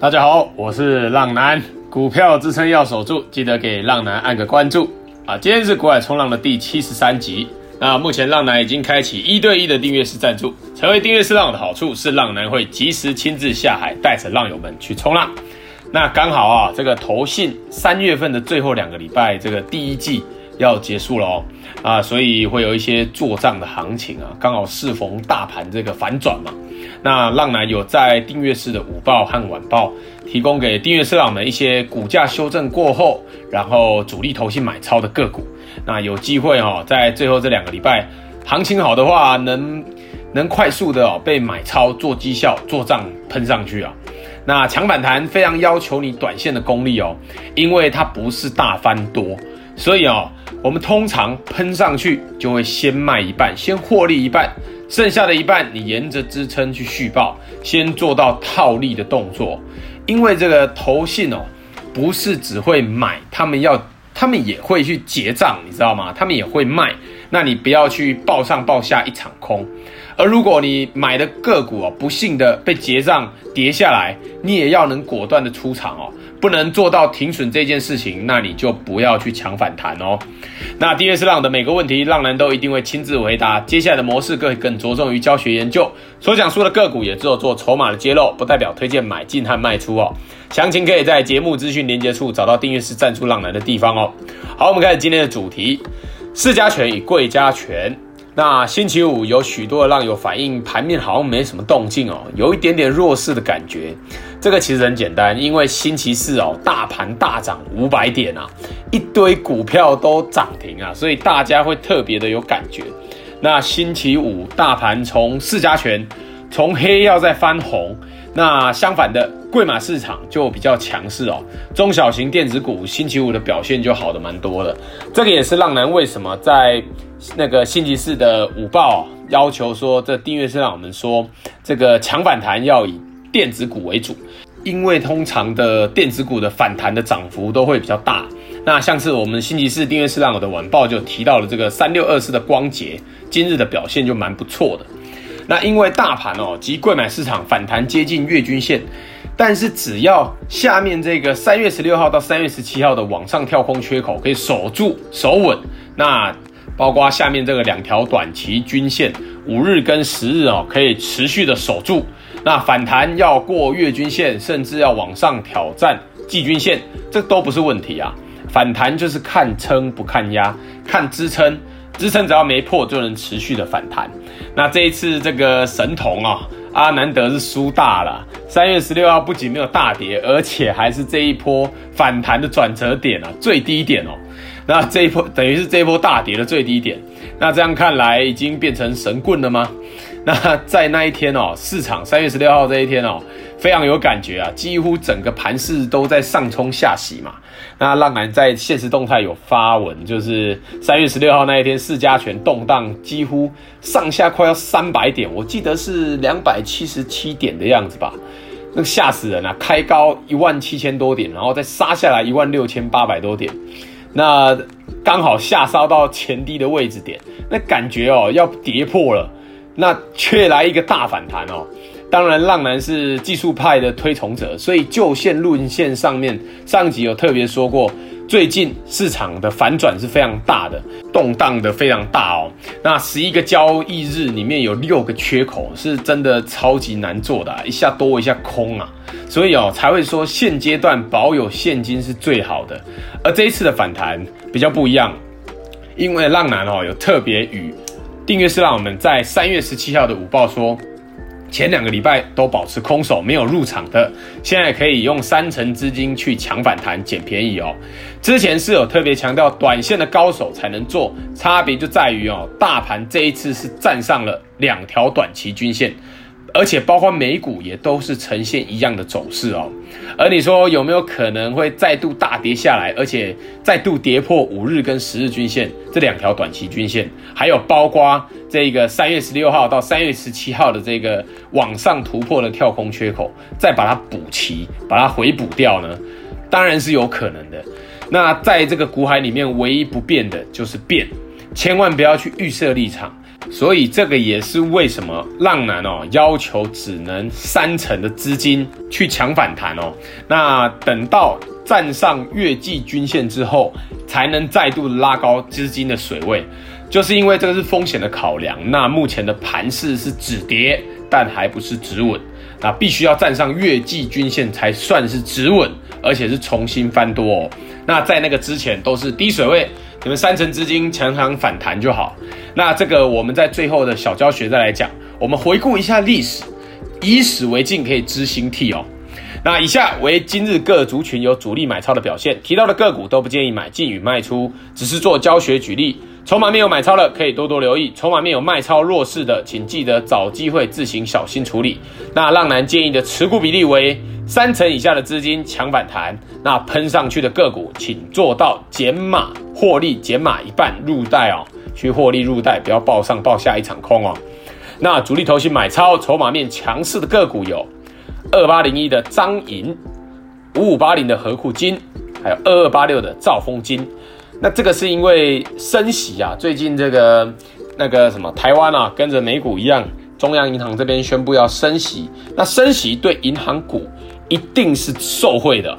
大家好，我是浪男，股票支撐要守住，記得給浪男按個關注啊！今天是股海衝浪的第七十三集，那目前浪男已經開啟一對一的訂閱式贊助，成為訂閱式浪友的好處是浪男會及時親自下海，帶着浪友們去衝浪。那剛好啊，這個投信三月份的最後兩個禮拜，這個第一季。要結束了哦，啊，所以會有一些做賬的行情啊，剛好適逢大盤這個反轉嘛。那浪男有在訂閱式的午報和晚報，提供給訂閱式浪友們一些股價修正過後，然後主力投信買超的個股。那有機會哦，在最後這兩個禮拜行情好的話能，能能快速的、哦、被買超做績效做賬噴上去啊。那搶反彈非常要求你短線的功力哦，因為它不是大翻多，所以哦。我們通常噴上去就會先賣一半，先獲利一半，剩下的一半你沿着支撐去續抱，先做到套利的動作。因為這個投信哦，不是只會買，他們要，他們也會去結賬，你知道嗎？他們也會賣，那你不要去抱上抱下一場空。而如果你買的個股啊、哦、不幸的被結賬跌下來，你也要能果斷的出場哦。不能做到停損這件事情，那你就不要去搶反彈哦。那訂閱式浪友的每個問題，浪男都一定會親自回答。接下來的模式更更着重於教學研究，所講述的個股也只有做籌碼的揭露，不代表推薦買進和賣出哦。詳情可以在節目資訊連結處找到訂閱式贊助浪男的地方哦。好，我們開始今天的主題：市加權與櫃加權。那星期五有許多的浪友反映，盤面好像沒什麼動靜哦，有一點點弱勢的感覺。這個其實很簡單，因為星期四哦，大盤大漲五百點啊，一堆股票都漲停啊，所以大家會特別的有感覺。那星期五，大盤從市加權從黑要再翻紅，那相反的，櫃買市場就比較強勢哦，中小型電子股星期五的表現就好的蠻多的。這個也是浪男為什麼在那個星期四的午報、啊、要求說，這訂閱式浪友們說，這個搶反彈要以。電子股為主，因為通常的電子股的反彈的漲幅都會比較大。那上次我們星期四訂閱式浪男的晚報就提到了這個三六二四的光頡，今日的表現就蠻不錯的。那因為大盤哦及櫃買市場反彈接近月均線，但是只要下面這個三月十六號到三月十七號的往上跳空缺口可以守住守穩，那。包括下面這個兩條短期均線，五日跟十日哦，可以持續的守住。那反彈要過月均線，甚至要往上挑戰季均線，這都不是問題啊。反彈就是看撐不看壓，看支撐，支撐只要沒破就能持續的反彈。那這一次這個神童啊，阿南德是輸大了。三月十六號不僅沒有大跌，而且還是這一波反彈的轉折點啊，最低點哦。那這一波等於是這一波大跌的最低點。那這樣看來，已經變成神棍了嗎？那在那一天哦，市場三月十六號這一天哦，非常有感覺啊，幾乎整個盤勢都在上沖下洗嘛。那浪男在限時動態有發文，就是三月十六號那一天，市加權動盪幾乎上下快要三百點，我記得是兩百七十七點的樣子吧。那嚇、個、死人了、啊，開高一萬七千多點，然後再殺下來一萬六千八百多點。那剛好下殺到前低的位置點，那感覺哦要跌破了，那卻來一個大反彈哦。當然，浪男是技術派的推崇者，所以就線論線，上面，上集有特別說過。最近市場的反轉是非常大的，動盪的非常大哦。那十一個交易日裡面有六個缺口，是真的超級難做的啊，一下多一下空啊，所以哦才會說現階段保有現金是最好的。而這一次的反彈比較不一樣，因為浪男哦有特別與訂閱式浪友們在三月十七號的午報說。前兩個禮拜都保持空手沒有入場的，現在可以用三成資金去搶反彈撿便宜哦。之前是有特別強調短線的高手才能做，差別就在於哦，大盤這一次是站上了兩條短期均線。而且包括美股也都是呈現一樣的走勢哦。而你說有沒有可能會再度大跌下來，而且再度跌破五日跟十日均線這兩條短期均線？還有包括這個三月十六號到三月十七號的這個往上突破的跳空缺口，再把它補齊，把它回補掉呢？當然是有可能的。那在這個股海裡面，唯一不變的就是變，千萬不要去預設立場。所以這個也是為什麼浪男哦要求只能三成的資金去搶反彈哦。那等到站上月季均線之後，才能再度拉高資金的水位，就是因為這個是風險的考量。那目前的盤勢是止跌，但還不是止穩，那必須要站上月季均線才算是止穩，而且是重新翻多哦。那在那個之前都是低水位。你們三成資金搶搶反彈就好，那這個我們在最後的小教學再來講。我們回顧一下歷史，以史為鏡可以知興替哦。那以下為今日各族群有主力買超的表現，提到的個股都不建議買進與賣出，只是做教學舉例。籌碼面有買超的，可以多多留意；籌碼面有賣超弱勢的，請記得找機會自行小心處理。那浪男建議的持股比例為三成以下的資金搶反彈，那噴上去的個股，請做到減碼獲利，減碼一半入袋哦，去獲利入袋，不要抱上抱下一場空哦。那主力投信買超籌碼面強勢的個股有二八零一的彰銀、五八八零的合庫金，還有二八八六的兆豐金。那這個是因為升息啊，最近這個那個什麼台灣啊，跟着美股一樣，中央銀行這邊宣布要升息。那升息對銀行股一定是受惠的。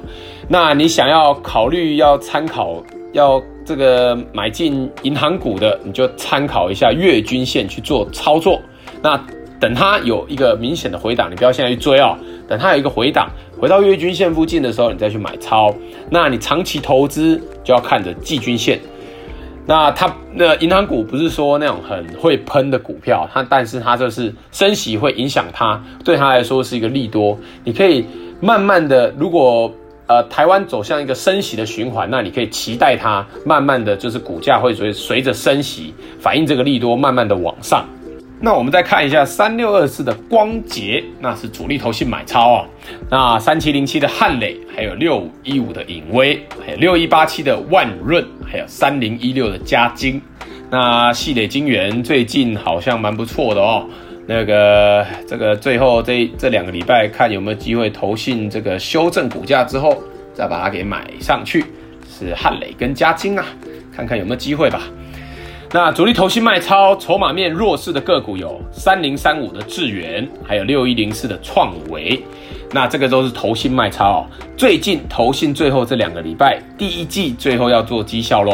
那你想要考慮要參考要這個買進銀行股的，你就參考一下月均線去做操作。那。等它有一個明顯的回檔，你不要現在去追哦。等它有一個回檔，回到月均線附近的時候，你再去買超。那你長期投資就要看着季均線。那它那銀行股不是說那種很會噴的股票，它但是它就是升息會影響它，對它來說是一個利多。你可以慢慢的，如果呃台灣走向一個升息的循環，那你可以期待它慢慢的就是股價會隨隨着升息反映這個利多，慢慢的往上。那我們再看一下三六二四的光頡，那是主力投信買超哦、啊，那三七零七的漢磊，還有六五一五的穎威，六一八七的萬潤，還有三零一六的嘉晶。那系列晶圓，最近好像蠻不錯的哦。那個這個最後這這兩個禮拜看有沒有機會投信，這個修正股價之後再把它給買上去，是漢磊跟嘉晶啊，看看有沒有機會吧。那主力投信賣超，籌碼面弱勢的個股有三零三五的智原，還有六一零四的創惟。那這個都是投信賣超哦。最近投信最後這兩個禮拜，第一季最後要做績效嘍，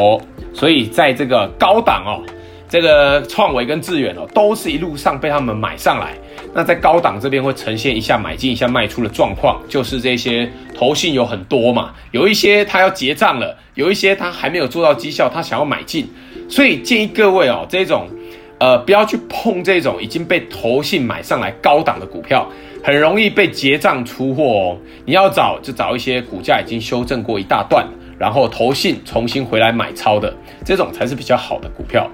所以在這個高檔哦。這個創惟跟智原哦，都是一路上被他們買上來。那在高檔這邊會呈現一下買進一下賣出的狀況，就是這些投信有很多嘛，有一些他要結賬了，有一些他還沒有做到績效，他想要買進。所以建議各位哦，這種，呃，不要去碰這種已經被投信買上來高檔的股票，很容易被結賬出貨哦。你要找就找一些股價已經修正過一大段，然後投信重新回來買超的這種才是比較好的股票。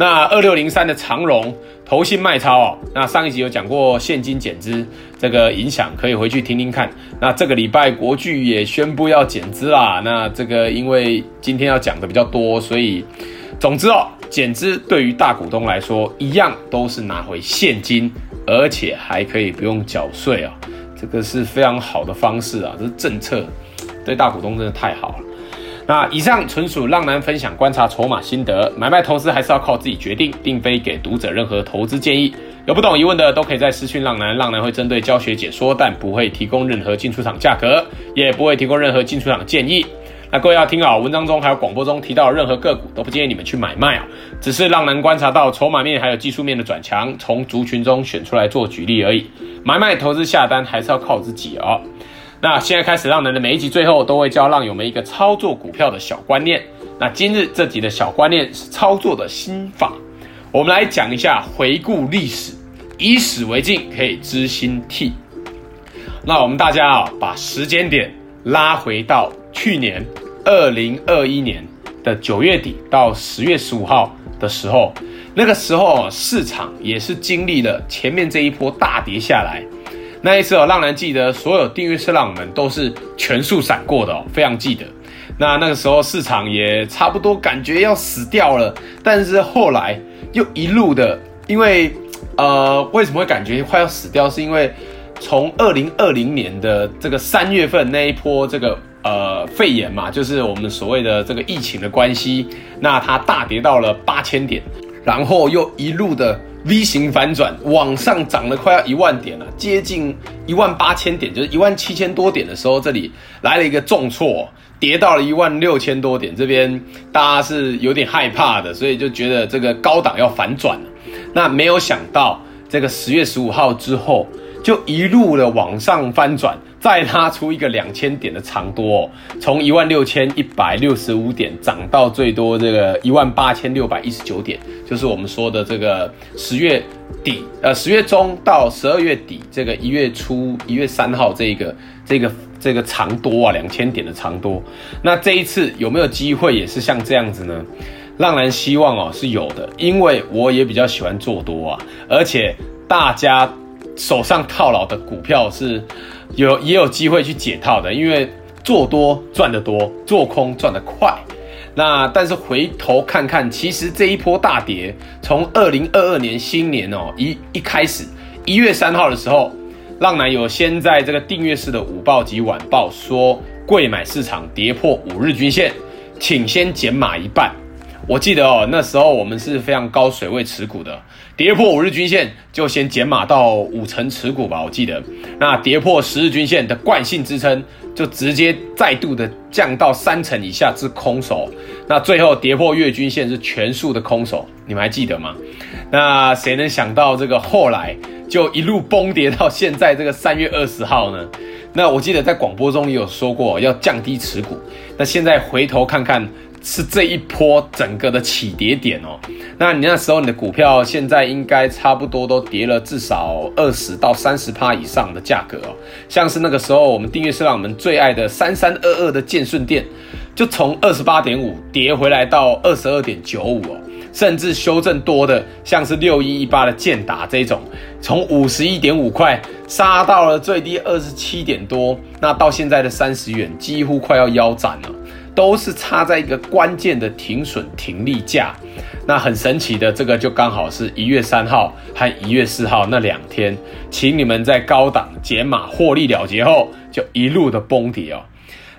那二六零三的長榮投信賣超哦，那上一集有講過現金減資這個影響，可以回去聽聽看。那這個禮拜國巨也宣布要減資啦，那這個因為今天要講的比較多，所以總之哦，減資對於大股東來說一樣都是拿回現金，而且還可以不用繳稅啊，這個是非常好的方式啊，這是政策，對大股東真的太好了。那以上純屬浪男分享觀察籌碼心得，買賣投資還是要靠自己決定，並非給讀者任何投資建議。有不懂疑問的都可以在私訊浪男，浪男會針對教學解說，但不會提供任何進出場價格，也不會提供任何進出場建議。那各位要聽好，文章中還有廣播中提到任何個股都不建議你們去買賣哦，只是浪男觀察到籌碼面還有技術面的轉強，從族群中選出來做舉例而已。買賣投資下單還是要靠自己哦。那現在開始，浪男的每一集最後都會教浪友們一個操作股票的小觀念。那今日這集的小觀念是操作的心法，我們來講一下。回顧歷史，以史為鏡，可以知興替。那我們大家啊、哦，把時間點拉回到去年二零二一年的九月底到十月十五號的時候，那個時候啊、哦，市場也是經歷了前面這一波大跌下來。那一次哦，讓人記得所有訂閱式浪友們都是全速閃過的哦，非常記得。那那個時候市場也差不多感覺要死掉了，但是後來又一路的，因為呃，為什麼會感覺快要死掉？是因為從二零二零年的這個三月份那一波這個呃肺炎嘛，就是我們所謂的這個疫情的關係，那它大跌到了八千點，然後又一路的。V 型反轉，往上漲了快要一萬點了，接近一萬八千點，就是一萬七千多點的時候，這裡來了一個重挫，跌到了一萬六千多點。這邊大家是有點害怕的，所以就覺得這個高檔要反轉了。那沒有想到，這個十月十五號之後，就一路的往上翻轉。再拉出一個兩千點的長多哦，從一萬六千一百六十五點漲到最多這個一萬八千六百一十九點，就是我們說的這個十月底，呃十月中到十二月底，這個一月初一月三號這個這個這個長多啊，兩千點的長多。那這一次有沒有機會也是像這樣子呢？讓人希望哦是有的，因為我也比較喜歡做多啊，而且大家手上套牢的股票是。有也有機會去解套的，因為做多賺得多，做空賺得快。那但是回頭看看，其實這一波大跌，從二零二二年新年哦一一開始，一月三號的時候，浪男有先在這個訂閱式的午報及晚報說，櫃買市場跌破五日均線，請先減碼一半。我記得哦，那時候我們是非常高水位持股的，跌破五日均線就先減碼到五成持股吧。我記得，那跌破十日均線的慣性支撐就直接再度的降到三成以下至空手，那最後跌破月均線是全數的空手。你們還記得嗎？那誰能想到這個後來就一路崩跌到現在這個三月二十號呢？那我記得在廣播中也有說過要降低持股，那現在回頭看看。是這一波整個的起跌點哦，那你那時候你的股票現在應該差不多都跌了至少二十到三十趴以上的價格哦，像是那個時候我們訂閱式浪友們最愛的三三二二的建舜電，就從二十八點五跌回來到二十二點九五哦，甚至修正多的像是六一一八的建達這種，從五十一點五塊殺到了最低二十七點多，那到現在的三十元幾乎快要腰斬了。都是插在一個關鍵的停損停利價，那很神奇的，這個就剛好是一月三號和一月四號那兩天，請你們在高檔減碼獲利了結後，就一路的崩跌哦。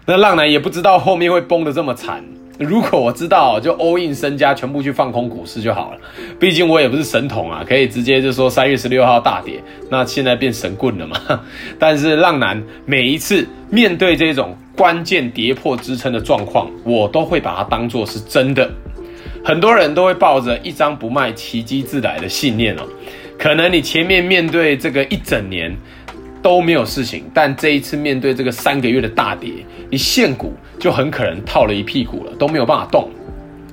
那浪男也不知道後面會崩得這麼慘，如果我知道，就 all in 身家全部去放空股市就好了，畢竟我也不是神童啊，可以直接就說三月十六號大跌，那現在變神棍了嘛？但是浪男每一次面對這種。關鍵跌破支撐的狀況，我都會把它當做是真的。很多人都會抱着一張不賣，奇蹟自來的信念哦。可能你前面面對這個一整年都沒有事情，但這一次面對這個三個月的大跌，你現股就很可能套了一屁股了，都沒有辦法動。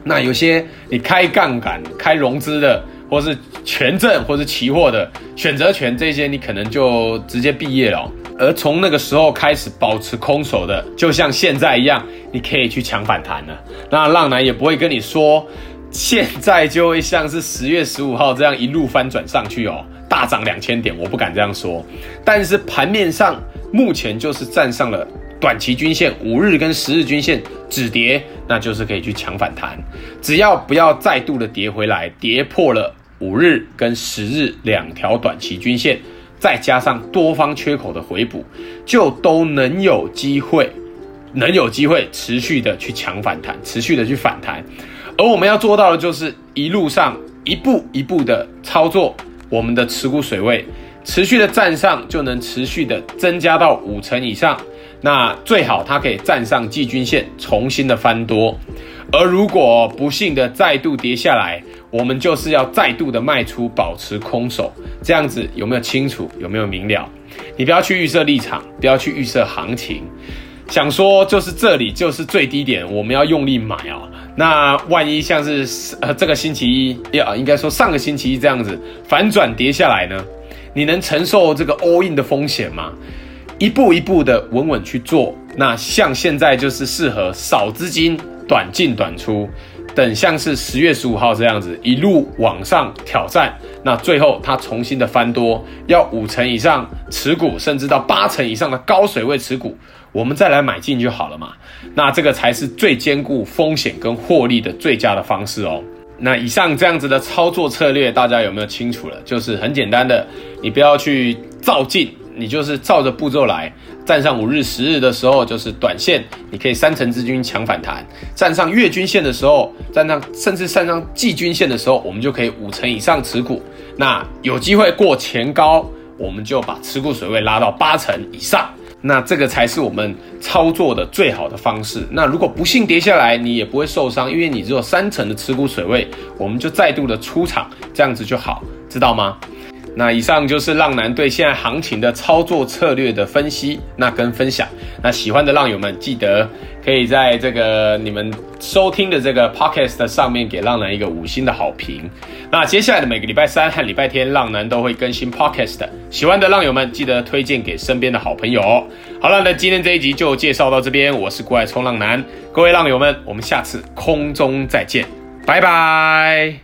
那有些你開槓桿、開融資的。或是權證，或是期貨的選擇權，這些你可能就直接畢業了哦。而從那個時候開始保持空手的，就像現在一樣，你可以去搶反彈了。那浪男也不會跟你說，現在就會像是十月十五號這樣一路翻轉上去哦，大漲兩千點，我不敢這樣說。但是盤面上目前就是站上了。短期均線五日跟十日均線止跌，那就是可以去搶反彈。只要不要再度的跌回來，跌破了五日跟十日兩條短期均線，再加上多方缺口的回補，就都能有機會，能有機會持續的去搶反彈，持續的去反彈。而我們要做到的就是一路上一步一步的操作，我們的持股水位持續的站上，就能持續的增加到五成以上。那最好它可以站上季均線，重新的翻多；而如果不幸的再度跌下來，我們就是要再度的賣出，保持空手。這樣子有沒有清楚？有沒有明了？你不要去預設立場，不要去預設行情。想說就是這裡就是最低點，我們要用力買哦。那萬一像是呃這個星期一要，應該說上個星期一這樣子反轉跌下來呢？你能承受這個 all in 的風險嗎？一步一步的穩穩去做，那像現在就是適合少資金、短進短出，等像是十月十五號這樣子一路往上挑戰，那最後它重新的翻多，要五成以上持股，甚至到八成以上的高水位持股，我們再來買進就好了嘛。那這個才是最兼顧風險跟獲利的最佳的方式哦。那以上這樣子的操作策略，大家有沒有清楚了？就是很簡單的，你不要去躁進。你就是照着步驟來，站上五日、十日的時候就是短線，你可以三成資金搶反彈；站上月均線的時候，站上甚至站上季均線的時候，我們就可以五成以上持股。那有機會過前高，我們就把持股水位拉到八成以上。那這個才是我們操作的最好的方式。那如果不幸跌下來，你也不會受傷，因為你只有三成的持股水位，我們就再度的出場，這樣子就好，知道嗎？那以上就是浪男對現在行情的操作策略的分析，那跟分享。那喜歡的浪友們記得可以在這個你們收聽的這個 podcast 上面給浪男一個五星的好評。那接下來的每個禮拜三和禮拜天，浪男都會更新 podcast。喜歡的浪友們記得推薦給身邊的好朋友。好了，那今天這一集就介紹到這邊。我是股海衝浪男，各位浪友們，我們下次空中再見，拜拜。